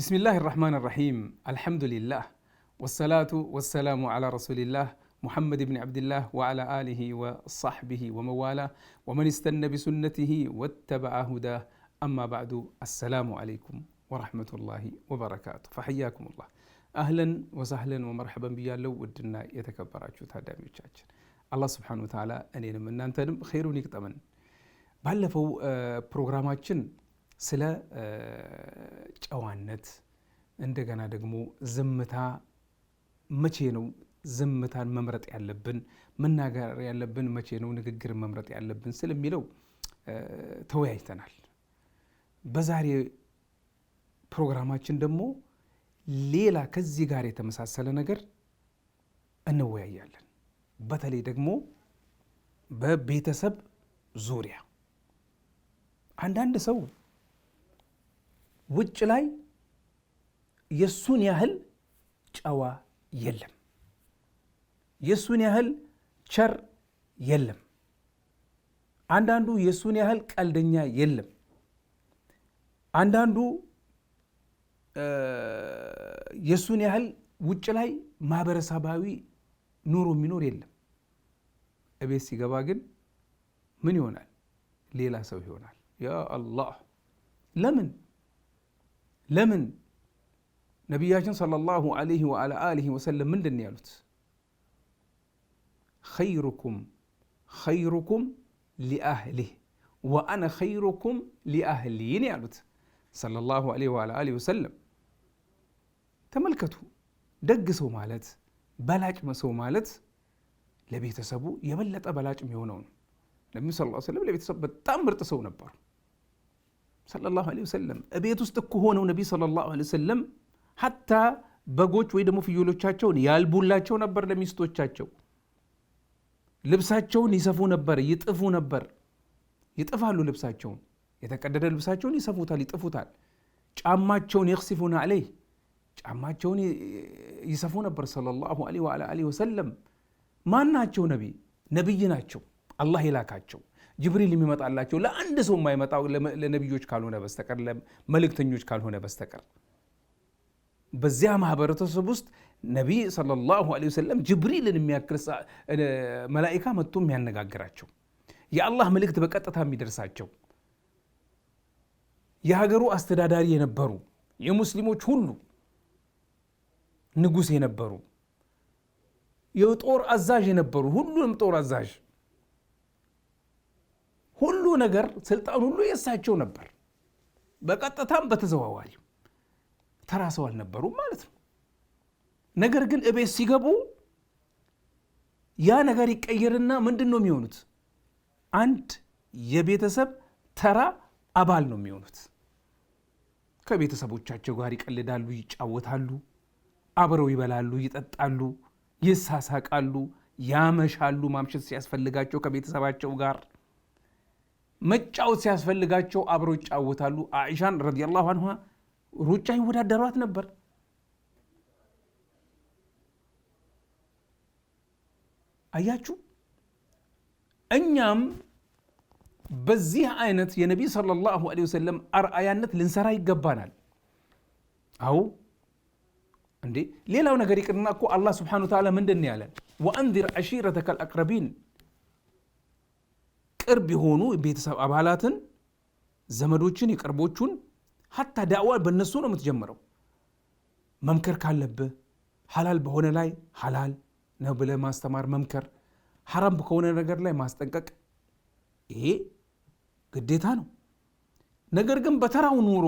بسم الله الرحمن الرحيم الحمد لله والصلاة والسلام على رسول الله محمد بن عبد الله وعلى آله وصحبه وموالاه ومن استنى بسنته واتبع هداه أما بعد السلام عليكم ورحمة الله وبركاته فحياكم الله أهلا وسهلا ومرحبا بيا لو ودنا سبحانه وتعالى አላህ ስብሓን ወተዓላ እኔንም እናንተንም ኸይሩን ይቅጠመን ባለፈው ፕሮግራማችን ስለ ጨዋነት እንደገና ደግሞ ዝምታ መቼ ነው ዝምታን መምረጥ ያለብን፣ መናገር ያለብን መቼ ነው ንግግርን መምረጥ ያለብን ስለሚለው ተወያይተናል። በዛሬ ፕሮግራማችን ደግሞ ሌላ ከዚህ ጋር የተመሳሰለ ነገር እንወያያለን። በተለይ ደግሞ በቤተሰብ ዙሪያ አንዳንድ ሰው ውጭ ላይ የእሱን ያህል ጨዋ የለም። የእሱን ያህል ቸር የለም። አንዳንዱ የእሱን ያህል ቀልደኛ የለም። አንዳንዱ የእሱን ያህል ውጭ ላይ ማህበረሰባዊ ኑሮ የሚኖር የለም። እቤት ሲገባ ግን ምን ይሆናል? ሌላ ሰው ይሆናል። ያ አላህ ለምን ለምን ነቢያችን ሰለላሁ አለይህ ዐለይሂ አሊህ ወሰለም ምንድን ያሉት? ኸይሩኩም ኸይሩኩም ሊአህሊህ ወአነ ኸይሩኩም ሊአህሊን ያሉት ሰለላሁ ዐለይሂ ወአሊሂ ወሰለም። ተመልከቱ፣ ደግ ሰው ማለት በላጭ ሰው ማለት ለቤተሰቡ የበለጠ በላጭ የሚሆነው ነው። ነቢዩ ሰለላሁ ዐለይሂ ወሰለም ለቤተሰቡ በጣም ምርጥ ሰው ነበሩ። ሰለላሁ ዐለይሂ ወሰለም እቤት ውስጥ እኮ ሆነው ነቢ ሰለላሁ ዐለይሂ ወሰለም ሐታ በጎች ወይ ደግሞ ፍየሎቻቸውን ያልቡላቸው ነበር ለሚስቶቻቸው። ልብሳቸውን ይሰፉ ነበር፣ ይጥፉ ነበር። ይጥፋሉ ልብሳቸውን፣ የተቀደደ ልብሳቸውን ይሰፉታል፣ ይጥፉታል። ጫማቸውን የኽሲፉን አለይህ ጫማቸውን ይሰፉ ነበር ሰለላሁ ዐለይሂ ወሰለም። ማን ናቸው? ነቢ ነቢይ ናቸው፣ አላህ የላካቸው ጅብሪል የሚመጣላቸው ለአንድ ሰው የማይመጣው ለነቢዮች ካልሆነ በስተቀር ለመልእክተኞች ካልሆነ በስተቀር በዚያ ማህበረተሰብ ውስጥ ነቢይ ሰለላሁ ዐለይሂ ወሰለም ጅብሪልን የሚያክል መላኢካ መጥቶ የሚያነጋግራቸው የአላህ መልእክት በቀጥታ የሚደርሳቸው የሀገሩ አስተዳዳሪ የነበሩ የሙስሊሞች ሁሉ ንጉሥ የነበሩ የጦር አዛዥ የነበሩ ሁሉንም ጦር አዛዥ ሁሉ ነገር ስልጣን ሁሉ የእሳቸው ነበር። በቀጥታም በተዘዋዋሪ ተራ ሰው አልነበሩም ማለት ነው። ነገር ግን እቤት ሲገቡ ያ ነገር ይቀየርና ምንድን ነው የሚሆኑት? አንድ የቤተሰብ ተራ አባል ነው የሚሆኑት። ከቤተሰቦቻቸው ጋር ይቀልዳሉ፣ ይጫወታሉ፣ አብረው ይበላሉ፣ ይጠጣሉ፣ ይሳሳቃሉ፣ ያመሻሉ ማምሸት ሲያስፈልጋቸው ከቤተሰባቸው ጋር መጫወት ሲያስፈልጋቸው አብሮ ይጫወታሉ። አኢሻን ረዲየላሁ አንሃ ሩጫ ይወዳደሯት ነበር። አያችሁ፣ እኛም በዚህ አይነት የነቢይ ሰለላሁ ዐለይሂ ወሰለም አርአያነት ልንሰራ ይገባናል። አዎ እንዴ! ሌላው ነገር ይቅርና እኮ አላህ ስብሓነሁ ወተዓላ ምንድን ያለን? ወአንዚር አሺረተከል አቅረቢን ቅርብ የሆኑ ቤተሰብ አባላትን፣ ዘመዶችን፣ የቅርቦቹን ሀታ ዳዕዋ በእነሱ ነው የምትጀምረው። መምከር ካለብህ ሀላል በሆነ ላይ ሀላል ነው ብለህ ማስተማር መምከር፣ ሀራም ከሆነ ነገር ላይ ማስጠንቀቅ፣ ይሄ ግዴታ ነው። ነገር ግን በተራው ኑሮ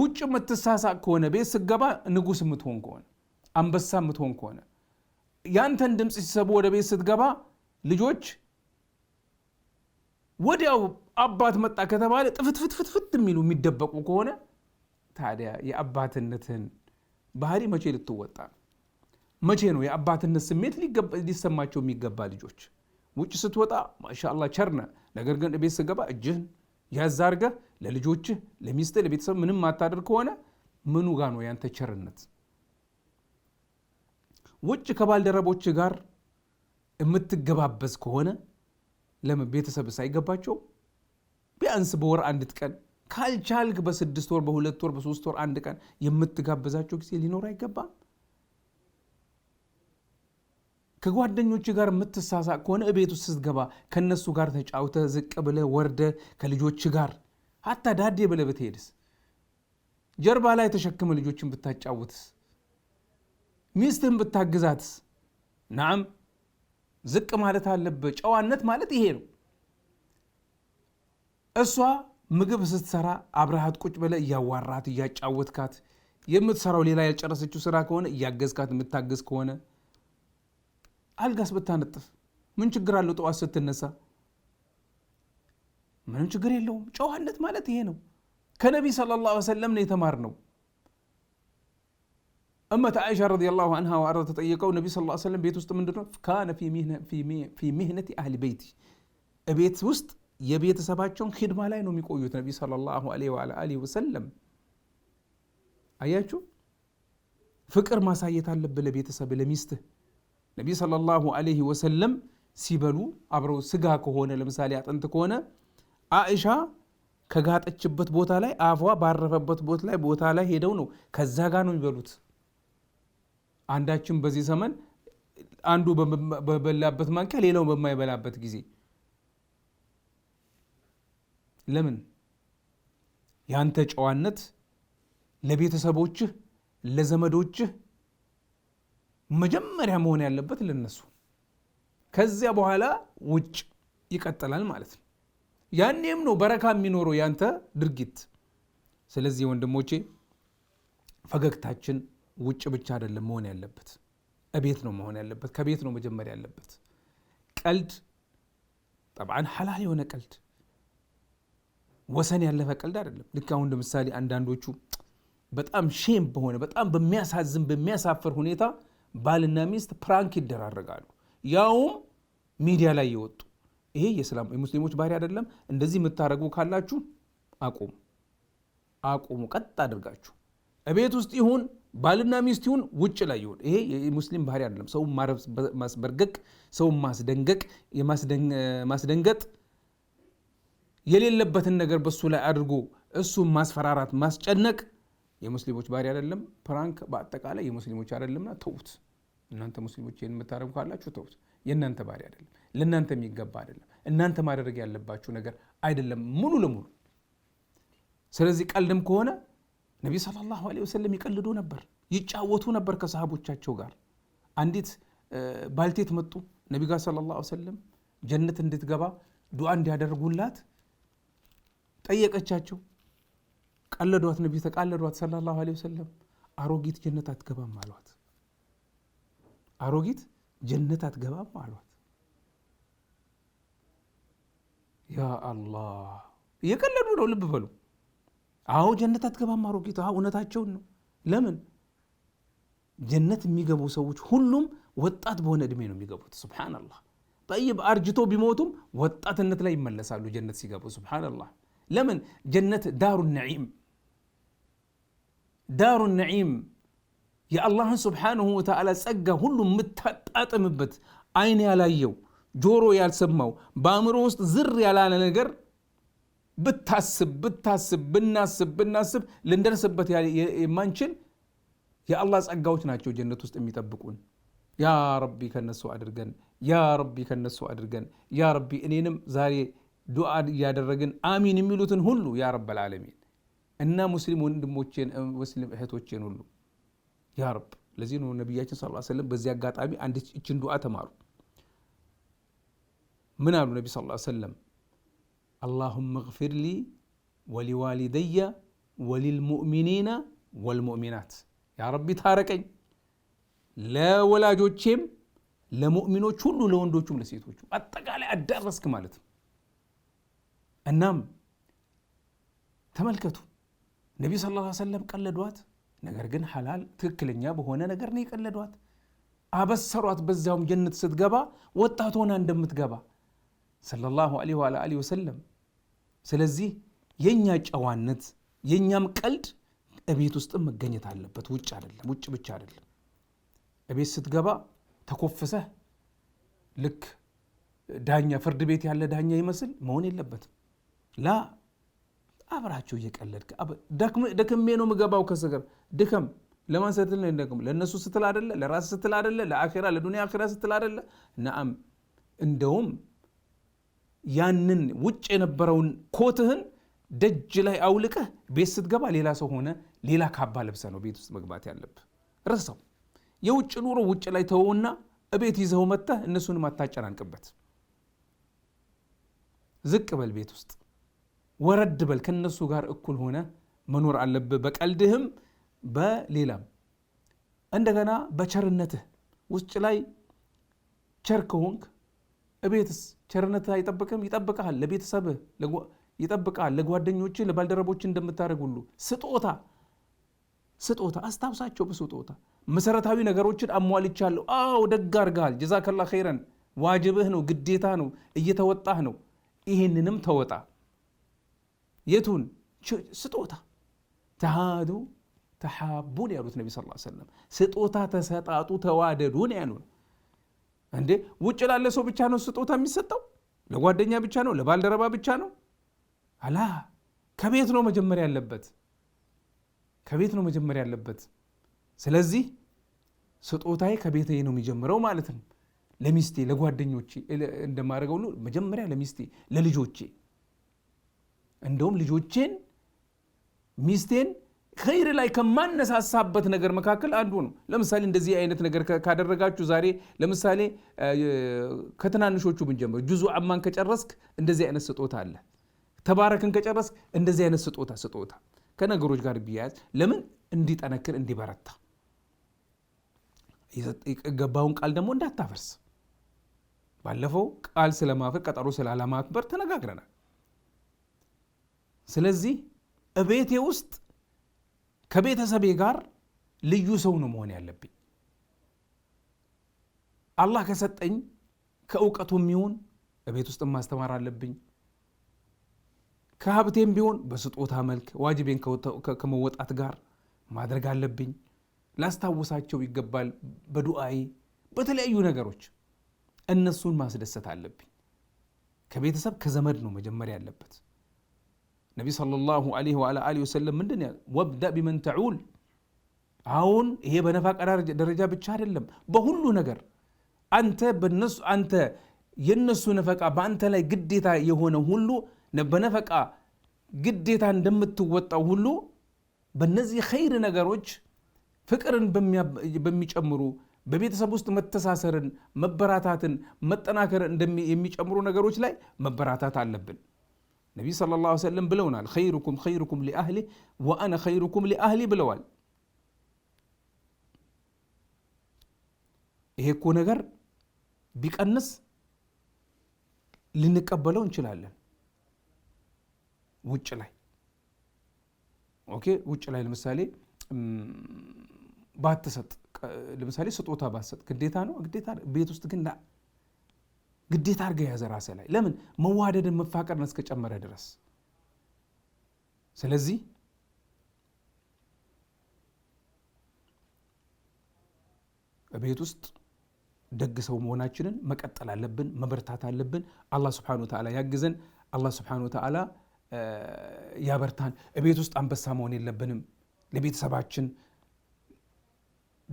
ውጭ የምትሳሳቅ ከሆነ ቤት ስገባ ንጉስ የምትሆን ከሆነ አንበሳ የምትሆን ከሆነ ያንተን ድምፅ ሲሰቡ ወደ ቤት ስትገባ ልጆች ወዲያው አባት መጣ ከተባለ ጥፍትፍትፍት የሚሉ የሚደበቁ ከሆነ ታዲያ የአባትነትን ባህሪ መቼ ልትወጣ መቼ ነው የአባትነት ስሜት ሊሰማቸው የሚገባ? ልጆች ውጭ ስትወጣ ማሻላ ቸርነ፣ ነገር ግን ቤት ስገባ እጅህን ያዝ አድርገህ ለልጆችህ፣ ለሚስትህ፣ ለቤተሰብ ምንም ማታደር ከሆነ ምኑ ጋ ነው ያንተ ቸርነት? ውጭ ከባልደረቦች ጋር የምትገባበዝ ከሆነ ለምን ቤተሰብስ አይገባቸው? ቢያንስ በወር አንድት ቀን ካልቻልክ በስድስት ወር በሁለት ወር በሶስት ወር አንድ ቀን የምትጋብዛቸው ጊዜ ሊኖር አይገባም? ከጓደኞች ጋር የምትሳሳ ከሆነ እቤት ውስጥ ስትገባ ከነሱ ጋር ተጫውተ ዝቅ ብለ ወርደ ከልጆች ጋር ሀታ ዳዴ ብለ ብትሄድስ ጀርባ ላይ ተሸክመ ልጆችን ብታጫውትስ ሚስትህን ብታግዛትስ ናም ዝቅ ማለት አለብህ። ጨዋነት ማለት ይሄ ነው። እሷ ምግብ ስትሰራ አብረሃት ቁጭ ብለ እያዋራት እያጫወትካት፣ የምትሰራው ሌላ ያልጨረሰችው ስራ ከሆነ እያገዝካት የምታገዝ ከሆነ አልጋስ ብታነጥፍ ምን ችግር አለው? ጠዋት ስትነሳ ምንም ችግር የለውም። ጨዋነት ማለት ይሄ ነው። ከነቢይ ሰለላሁ ዐለይሂ ወሰለም ነው የተማርነው። እመተ አይሻ ረዲየላሁ አንሃ ዋአርዳ ተጠየቀው ነቢ ሰለላሁ ዐለይሂ ወሰለም ቤት ውስጥ ምንድነው ካነ ፊ ሚህነቲ አህሊ በይቲ ቤት ውስጥ የቤተሰባቸውን ሂድማ ላይ ነው የሚቆዩት ነቢ ሰለላሁ ዐለይሂ ወሰለም። አያችሁ ፍቅር ማሳየት አለብህ ለቤተሰብ ለሚስትህ። ነቢ ሰለላሁ ዐለይሂ ወሰለም ሲበሉ አብረው ስጋ ከሆነ ለምሳሌ አጥንት ከሆነ አእሻ ከጋጠችበት ቦታ ላይ አፏ ባረፈበት ቦታ ላይ ሄደው ነው ከዛ ጋር ነው የሚበሉት። አንዳችን በዚህ ዘመን አንዱ በበላበት ማንኪያ ሌላው በማይበላበት ጊዜ ለምን? ያንተ ጨዋነት ለቤተሰቦችህ ለዘመዶችህ መጀመሪያ መሆን ያለበት ለነሱ፣ ከዚያ በኋላ ውጭ ይቀጥላል ማለት ነው። ያኔም ነው በረካ የሚኖረው ያንተ ድርጊት። ስለዚህ ወንድሞቼ ፈገግታችን ውጭ ብቻ አይደለም መሆን ያለበት፣ እቤት ነው መሆን ያለበት። ከቤት ነው መጀመሪያ ያለበት። ቀልድ ጠብዓን ሐላል የሆነ ቀልድ፣ ወሰን ያለፈ ቀልድ አይደለም። ልክ አሁን ለምሳሌ አንዳንዶቹ በጣም ሼም በሆነ በጣም በሚያሳዝን በሚያሳፍር ሁኔታ ባልና ሚስት ፕራንክ ይደራረጋሉ፣ ያውም ሚዲያ ላይ የወጡ ይሄ የእስላም የሙስሊሞች ባህሪ አይደለም። እንደዚህ የምታደርጉ ካላችሁ አቁሙ፣ አቁሙ ቀጥ አድርጋችሁ እቤት ውስጥ ይሁን ባልና ሚስት ይሁን ውጭ ላይ ይሁን ይሄ የሙስሊም ባህሪ አይደለም። ሰው ማስበርገቅ፣ ሰው ማስደንገቅ፣ ማስደንገጥ የሌለበትን ነገር በሱ ላይ አድርጎ እሱን ማስፈራራት፣ ማስጨነቅ የሙስሊሞች ባህሪ አይደለም። ፕራንክ በአጠቃላይ የሙስሊሞች አይደለምና ተዉት። እናንተ ሙስሊሞች ይህን የምታደርጉ ካላችሁ ተዉት። የእናንተ ባህሪ አይደለም፣ ለእናንተ የሚገባ አይደለም። እናንተ ማድረግ ያለባችሁ ነገር አይደለም ሙሉ ለሙሉ። ስለዚህ ቀልድም ከሆነ ነቢ ሰለላሁ ዐለይሂ ወሰለም ይቀልዱ ነበር፣ ይጫወቱ ነበር ከሰሃቦቻቸው ጋር። አንዲት ባልቴት መጡ ነቢ ጋር ሰለላሁ ዐለይሂ ወሰለም ጀነት እንድትገባ ዱዓ እንዲያደርጉላት ጠየቀቻቸው። ቀለዷት፣ ነቢ ተቃለዷት ሰለላሁ ዐለይሂ ወሰለም። አሮጊት ጀነት አትገባም አሏት። አሮጊት ጀነት አትገባም አሏት። ያ አላህ እየቀለዱ ነው፣ ልብ በሉ። አዎ ጀነት አትገባም አሮ ጌታ እውነታቸውን ነው። ለምን ጀነት የሚገቡ ሰዎች ሁሉም ወጣት በሆነ እድሜ ነው የሚገቡት። ሱብሓነላህ ጠይብ አርጅቶ ቢሞቱም ወጣትነት ላይ ይመለሳሉ ጀነት ሲገቡ። ሱብሓነላህ ለምን ጀነት ዳሩ ነዒም ዳሩ ነዒም የአላህን ስብሓንሁ ወተዓላ ጸጋ ሁሉ የምታጣጥምበት አይን ያላየው ጆሮ ያልሰማው በአእምሮ ውስጥ ዝር ያላለ ነገር ብታስብ ብታስብ ብናስብ ብናስብ ልንደርስበት የማንችል የአላህ ጸጋዎች ናቸው ጀነት ውስጥ የሚጠብቁን። ያ ረቢ ከነሱ አድርገን፣ ያ ረቢ ከነሱ አድርገን፣ ያ ረቢ እኔንም ዛሬ ዱዓ እያደረግን አሚን የሚሉትን ሁሉ ያ ረብ ልዓለሚን እና ሙስሊም ወንድሞቼን ሙስሊም እህቶቼን ሁሉ ያ ረብ። ለዚህ ነው ነቢያችን ስ ሰለም በዚህ አጋጣሚ አንድ እችን ዱዓ ተማሩ። ምን አሉ ነቢ ስ ሰለም اللهم اغفر لي ولوالدي وللمؤمنين والمؤمنات يا ربي تاركين لا ولا جوتشيم لا مؤمنو تشولو لون دوتشوم لسيتوتشوم لي ادرس كمالت النام تملكتو النبي صلى الله عليه وسلم قال لدوات نجر حلال تكل النياب هو نجرني قال لدوات ابسروات بزاهم جنة ستقبا واتاتونا عند متقبا صلى الله عليه وعلى اله وسلم ስለዚህ የእኛ ጨዋነት የእኛም ቀልድ እቤት ውስጥም መገኘት አለበት። ውጭ አይደለም፣ ውጭ ብቻ አይደለም። እቤት ስትገባ ተኮፍሰህ ልክ ዳኛ ፍርድ ቤት ያለ ዳኛ ይመስል መሆን የለበትም። ላ አብራቸው እየቀለድክ ደክሜ ነው ምገባው ከስገር ድከም ለማን ስትል ነው ደግሞ ለእነሱ ስትል አደለ፣ ለራስ ስትል አደለ፣ ለአራ ለዱኒያ አራ ስትል አደለ። ነአም እንደውም ያንን ውጭ የነበረውን ኮትህን ደጅ ላይ አውልቀህ ቤት ስትገባ ሌላ ሰው ሆነ ሌላ ካባ ለብሰ ነው ቤት ውስጥ መግባት ያለብ። ረሰው የውጭ ኑሮ ውጭ ላይ ተወውና እቤት ይዘው መጥተህ እነሱን አታጨናንቅበት። ዝቅ በል፣ ቤት ውስጥ ወረድ በል፣ ከነሱ ጋር እኩል ሆነ መኖር አለብህ። በቀልድህም በሌላም እንደገና በቸርነትህ ውጭ ላይ ቸር ከሆንክ እቤትስ ቸርነት አይጠብቅም? ይጠብቃል። ለቤተሰብህ ይጠብቃል። ለጓደኞች ለባልደረቦች እንደምታደርግ ሁሉ ስጦታ ስጦታ አስታውሳቸው። በስጦታ መሰረታዊ ነገሮችን አሟልቻለሁ። አዎ ደግ አድርገሃል። ጀዛከላ ኸይረን። ዋጅብህ ነው፣ ግዴታ ነው፣ እየተወጣህ ነው። ይህንንም ተወጣ። የቱን ስጦታ? ተሃዱ ተሓቡን ያሉት ነቢ ስ ሰለም ስጦታ ተሰጣጡ፣ ተዋደዱን ያሉን እንዴ ውጭ ላለ ሰው ብቻ ነው ስጦታ የሚሰጠው? ለጓደኛ ብቻ ነው? ለባልደረባ ብቻ ነው? አላ ከቤት ነው መጀመር ያለበት፣ ከቤት ነው መጀመሪያ ያለበት። ስለዚህ ስጦታዬ ከቤተዬ ነው የሚጀምረው ማለት ነው። ለሚስቴ ለጓደኞቼ እንደማደርገው ሁሉ መጀመሪያ ለሚስቴ ለልጆቼ፣ እንደውም ልጆቼን ሚስቴን ኸይር ላይ ከማነሳሳበት ነገር መካከል አንዱ ነው። ለምሳሌ እንደዚህ አይነት ነገር ካደረጋችሁ ዛሬ ለምሳሌ ከትናንሾቹ ብንጀምር ጁዙ አማን ከጨረስክ እንደዚህ አይነት ስጦታ አለ። ተባረክን ከጨረስክ እንደዚህ አይነት ስጦታ ስጦታ ከነገሮች ጋር ቢያያዝ ለምን እንዲጠነክር እንዲበረታ፣ የገባውን ቃል ደግሞ እንዳታፈርስ። ባለፈው ቃል ስለማፈር ቀጠሮ ስላለማክበር ተነጋግረናል። ስለዚህ እቤቴ ውስጥ ከቤተሰቤ ጋር ልዩ ሰው ነው መሆን ያለብኝ። አላህ ከሰጠኝ ከእውቀቱም ይሁን በቤት ውስጥ ማስተማር አለብኝ። ከሀብቴም ቢሆን በስጦታ መልክ ዋጅቤን ከመወጣት ጋር ማድረግ አለብኝ። ላስታውሳቸው ይገባል። በዱዓዬ በተለያዩ ነገሮች እነሱን ማስደሰት አለብኝ። ከቤተሰብ ከዘመድ ነው መጀመሪያ ያለበት። ነቢ ሰለላሁ ዐለይሂ ወዐላ ወሰለም ምንድን ወብዳ ቢመን ተዑል አሁን ይሄ በነፋቃ ደረጃ ብቻ አይደለም፣ በሁሉ ነገር አንተ በነሱ አንተ የነሱ ነፈቃ በአንተ ላይ ግዴታ የሆነ ሁሉ በነፈቃ ግዴታ እንደምትወጣው ሁሉ በነዚህ ኸይር ነገሮች ፍቅርን በሚጨምሩ በቤተሰብ ውስጥ መተሳሰርን፣ መበራታትን፣ መጠናከርን የሚጨምሩ ነገሮች ላይ መበራታት አለብን። ነቢይ ሰለላሁ ዐለይሂ ወሰለም ብለውናል። ኸይሩኩም ኸይሩኩም ሊአህሊ ወአነ ኸይሩኩም ሊአህሊ ብለዋል። ይሄ እኮ ነገር ቢቀንስ ልንቀበለው እንችላለን። ውጭ ላይ ኦኬ፣ ውጭ ላይ ለምሳሌ ባትሰጥ፣ ለምሳሌ ስጦታ ባትሰጥ ግዴታ ነው ግዴታ ቤት ውስጥ ግን ግዴታ አድርገህ የያዘ ራስህ ላይ ለምን መዋደድን መፋቀርን እስከጨመረ ድረስ። ስለዚህ ቤት ውስጥ ደግ ሰው መሆናችንን መቀጠል አለብን፣ መበርታት አለብን። አላህ ስብሐነሁ ወተዓላ ያግዘን። አላህ ስብሐነሁ ወተዓላ ያበርታን። ቤት ውስጥ አንበሳ መሆን የለብንም። ለቤተሰባችን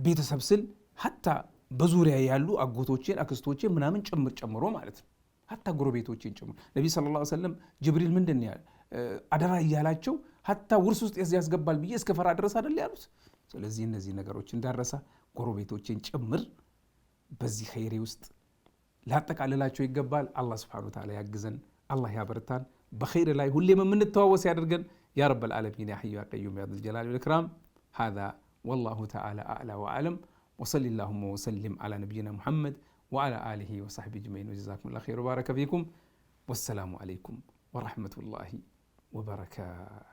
ቤተሰብ ስል ሀታ በዙሪያ ያሉ አጎቶቼን አክስቶቼን ምናምን ጭምር ጨምሮ ማለት ነው። ሀታ ጎረቤቶቼን ጭምር ነቢ ሰለላሁ ዐለይሂ ወሰለም ጅብሪል ምንድን ያል አደራ እያላቸው ሀታ ውርስ ውስጥ ያስገባል ብዬ እስከ ፈራ ድረስ አደል ያሉት። ስለዚህ እነዚህ ነገሮች እንዳረሳ ጎረቤቶቼን ጭምር በዚህ ኸይሬ ውስጥ ላጠቃልላቸው ይገባል። አላህ ስብሐነሁ ወተዓላ ያግዘን፣ አላህ ያበርታን፣ በኸይር ላይ ሁሌም የምንተዋወስ ያደርገን ያ ረብ ልዓለሚን ያ ሐዩ ያ ቀዩም ያ ዘልጀላሊ ወልኢክራም። ሀዛ ወላሁ ተዓላ አዕላ ወአለም وصل اللهم وسلم على نبينا محمد وعلى آله وصحبه أجمعين وجزاكم الله خير وبارك فيكم والسلام عليكم ورحمة الله وبركاته